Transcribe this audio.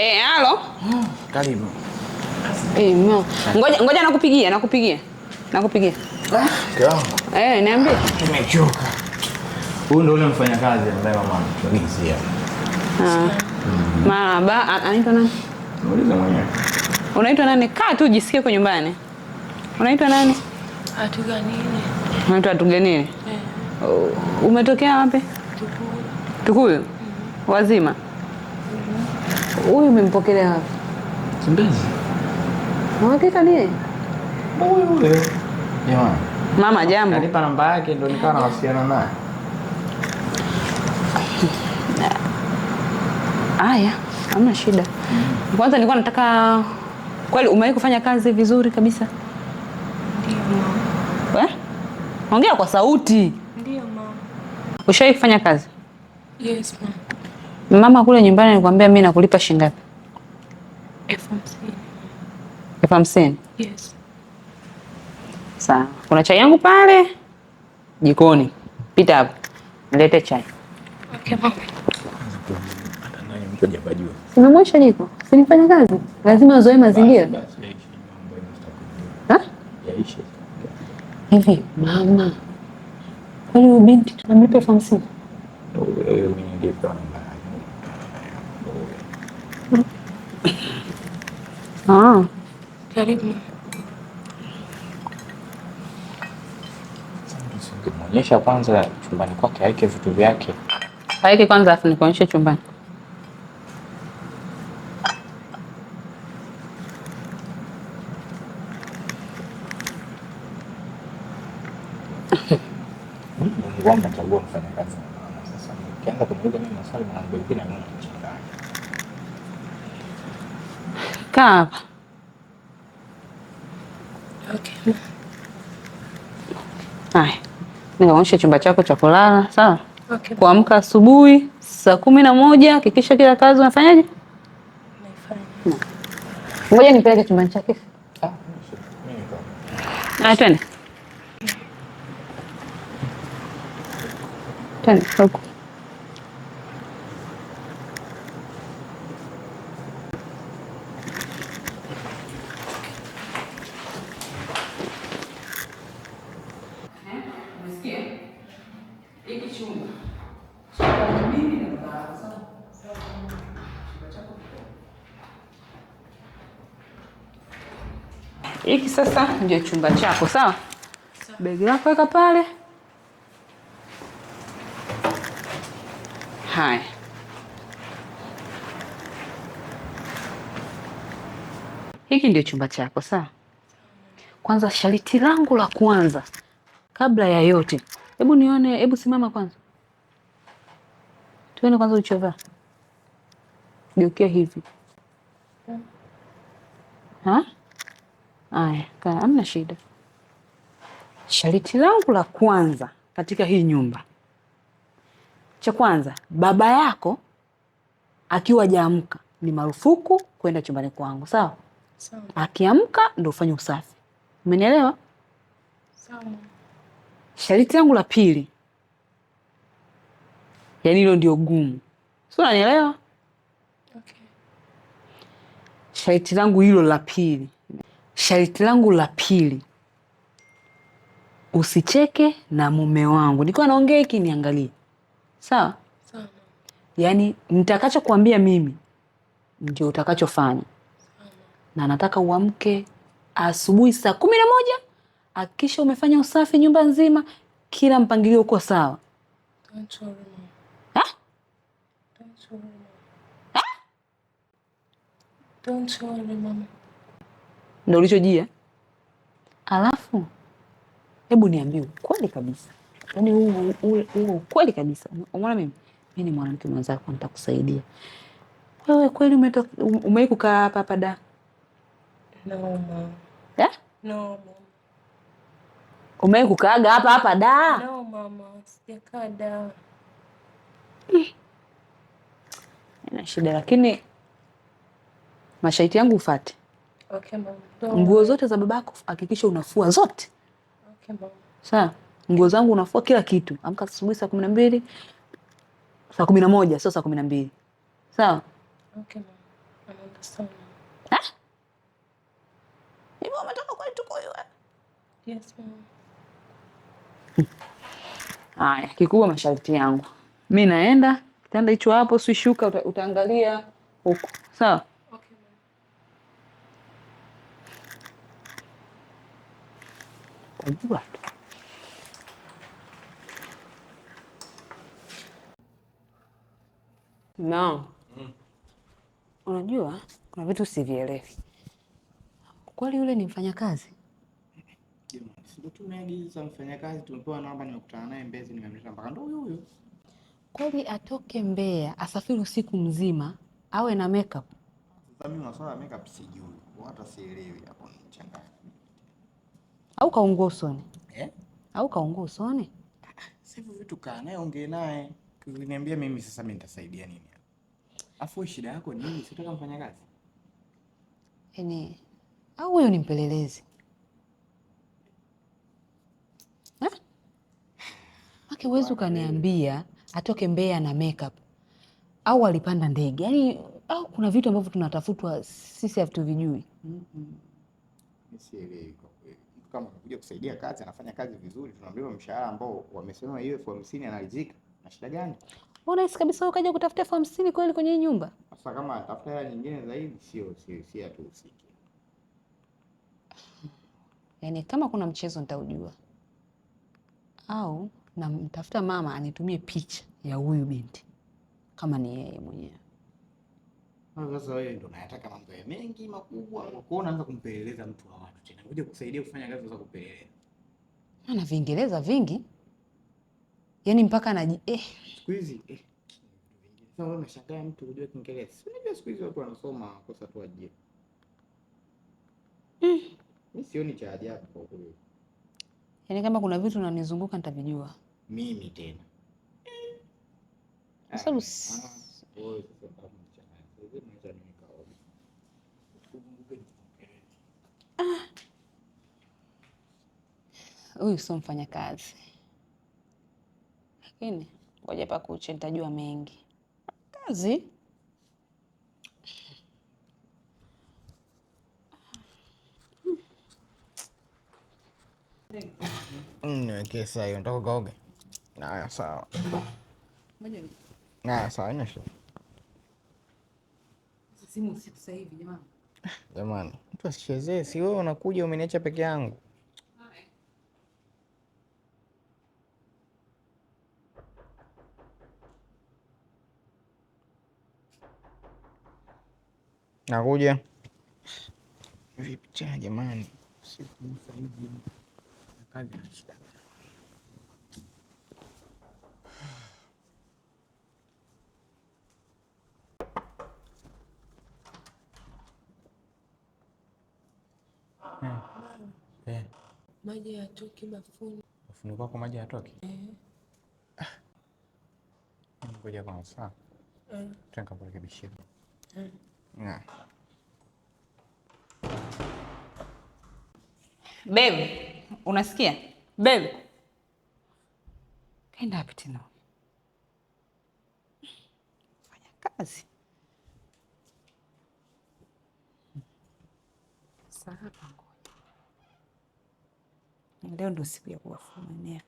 Eh, halo. Karibu. Eh, ngoja ngoja nakupigia, nakupigia. Nakupigia. Ah, eh, niambi. Nimechoka. Huyu ndio ule mfanyakazi ambaye mama anatuagizia. Ah. Mama, mm. anaitwa nani? Nauliza mwenyewe. Unaitwa nani? Kaa tu jisikie kwa nyumbani. Unaitwa nani? Atuganile. Unaitwa Atuganile? Eh. Oh, umetokea wapi? Tukuyu. Tukuyu? Mm-hmm. Wazima. Mm -hmm. Huyu umempokelea wapi? Kimbezi. Unakika nini? Huyu yule. Jamani. Mama jambo. Kanipa namba yake ndio nikawa nawasiliana naye. Aya, hamna shida. Kwanza nilikuwa nataka kweli umewahi kufanya kazi vizuri kabisa? Ndiyo. Eh? Ongea kwa sauti. Ndiyo mama. Ushawahi kufanya kazi? Yes mama. Mama kule nyumbani nikwambia mimi nakulipa shilingi ngapi? elfu hamsini. Yes. Sawa, kuna chai yangu pale jikoni, pita hapo nilete chai. Okay, mama. Nimemwosha jiko, sinifanya kazi, lazima uzoe mazingira hivi. Mama, kwani huyu binti tunamlipa elfu hamsini? Ah. Karibu. kwanza chumbani kwake, aweke vitu vyake, aweke kwanza, afu nikuonyeshe chumbani. Mfanyakazi sasa, ukianza kumuuliza mimi maswali mengine Kaa hapa. Nikaonyesha chumba chako cha kulala, sawa? Okay. Kuamka asubuhi saa kumi na moja, hakikisha kila kazi unafanyaje? Ngoja nipeleke chumbani chake. Ah, twende. Mm. Twende huko. Hiki sasa ndio chumba chako, sawa? Begi lako weka pale. Haya. Hiki ndio chumba chako, sawa? Kwanza shariti langu la kwanza kabla ya yote, hebu nione, hebu simama kwanza tuone kwanza ulichovaa. Geukia hivi hmm. ha? Aya, kaa, amna shida. Shariti langu la kwanza katika hii nyumba, cha kwanza, baba yako akiwa hajaamka ni marufuku kwenda chumbani kwangu, sawa? Sawa. Akiamka ndo ufanye usafi, umenielewa? Sawa. Shariti langu la pili, yaani hilo ndio gumu, si unanielewa? Okay. Shariti langu hilo la pili Sharti langu la pili, usicheke na mume wangu nikiwa naongea hiki, niangalie sawa sawa. Yaani nitakachokuambia mimi ndio utakachofanya, na nataka uamke asubuhi saa kumi na moja. Hakikisha umefanya usafi nyumba nzima, kila mpangilio uko sawa. Don't worry mama. Ndo ulichojia? Alafu hebu niambie ukweli kabisa, yaani huo ukweli kabisa. Umeona, mimi mimi ni mwanamke mwenzako, nitakusaidia wewe. Kweli um, umewahi kukaa hapa hapa da? No, yeah? No, umewahi kukaaga hapa hapa da? No, mama, sijakaa da. Ina shida, lakini mashaiti yangu ufate Okay, nguo zote za babako hakikisha unafua zote. Okay, sawa. Nguo zangu unafua kila kitu, amka asubuhi saa kumi na mbili saa kumi na moja sio saa kumi na mbili sawa. Okay, hivyo umetoka Yes, haya kikubwa masharti yangu mi naenda kitanda hicho hapo, swishuka utaangalia huku sawa kujua tu. Naam. Mm. Unajua kuna vitu sivielewi. Kweli yule ni mfanyakazi? Ndio, tumeagiza mfanyakazi, tumepewa namba, nimekutana naye Mbezi, nimemleta mpaka ndo huyo huyo. Kweli atoke Mbeya asafiri usiku mzima awe na makeup? Sasa mimi masuala ya makeup sijui, hata sielewi hapo, nichanganya au kaungua usoni eh? Au kaungua usoni sasa vitu, kaa naye ongee naye, kuniambia mimi sasa mimi nitasaidia nini? Afu shida yako nini? Sitaka mfanya kazi yaani, au huyo ni mpelelezi make, huwezi ukaniambia atoke mbea na makeup au alipanda ndege yaani, au kuna vitu ambavyo tunatafutwa sisi hatuvijui. mm -hmm kama amekuja kusaidia kazi, anafanya kazi vizuri, tunamlipa mshahara ambao wamesema hiyo elfu hamsini analizika, na shida gani? Mbona hisi kabisa kaja kutafuta elfu hamsini kweli kwenye hii nyumba? Sasa kama atafuta hela nyingine zaidi, sio sio sio hatuhusiki. Yaani kama kuna mchezo nitaujua, au namtafuta mama anitumie picha ya huyu binti kama ni yeye mwenyewe. Sasa wewe ndo unayataka mambo ya mengi makubwa, kwa hiyo unaanza kumpeleleza mtu wa watu tena. Ngoja kusaidia kufanya kazi za kupeleleza. Ana viingereza vingi. Yaani mpaka anaji eh, siku hizi eh. Sasa wewe unashangaa mtu hujua Kiingereza. Si unajua siku hizi watu wanasoma kosa tu ajira. Mm. Mimi sioni cha ajabu kwa kweli. Yaani kama kuna vitu unanizunguka nitavijua. Mimi tena. Ah, sasa huyu sio mfanyakazi, lakini ngoja pakuche, nitajua mengi kazi. Mm, niwekee saa hiyo, nataka kuoga. Haya, sawa. Haya, sawa. Simu usiku sasa hivi jamani. Jamani, mtu asichezee. Si wewe unakuja umeniacha peke yangu. Nakuja vipi tena jamani? Eh. eh. Maji hayatoki bafuni. Bafuni kwako maji hayatoki? Eh. Ah. Ngoja kwanza. Eh. Tenga kurekebishia. Eh. Na. Babe, unasikia? Babe. Kaenda wapi tena? Fanya kazi. Sasa pango. Leo ndo siku ya kuwafumania.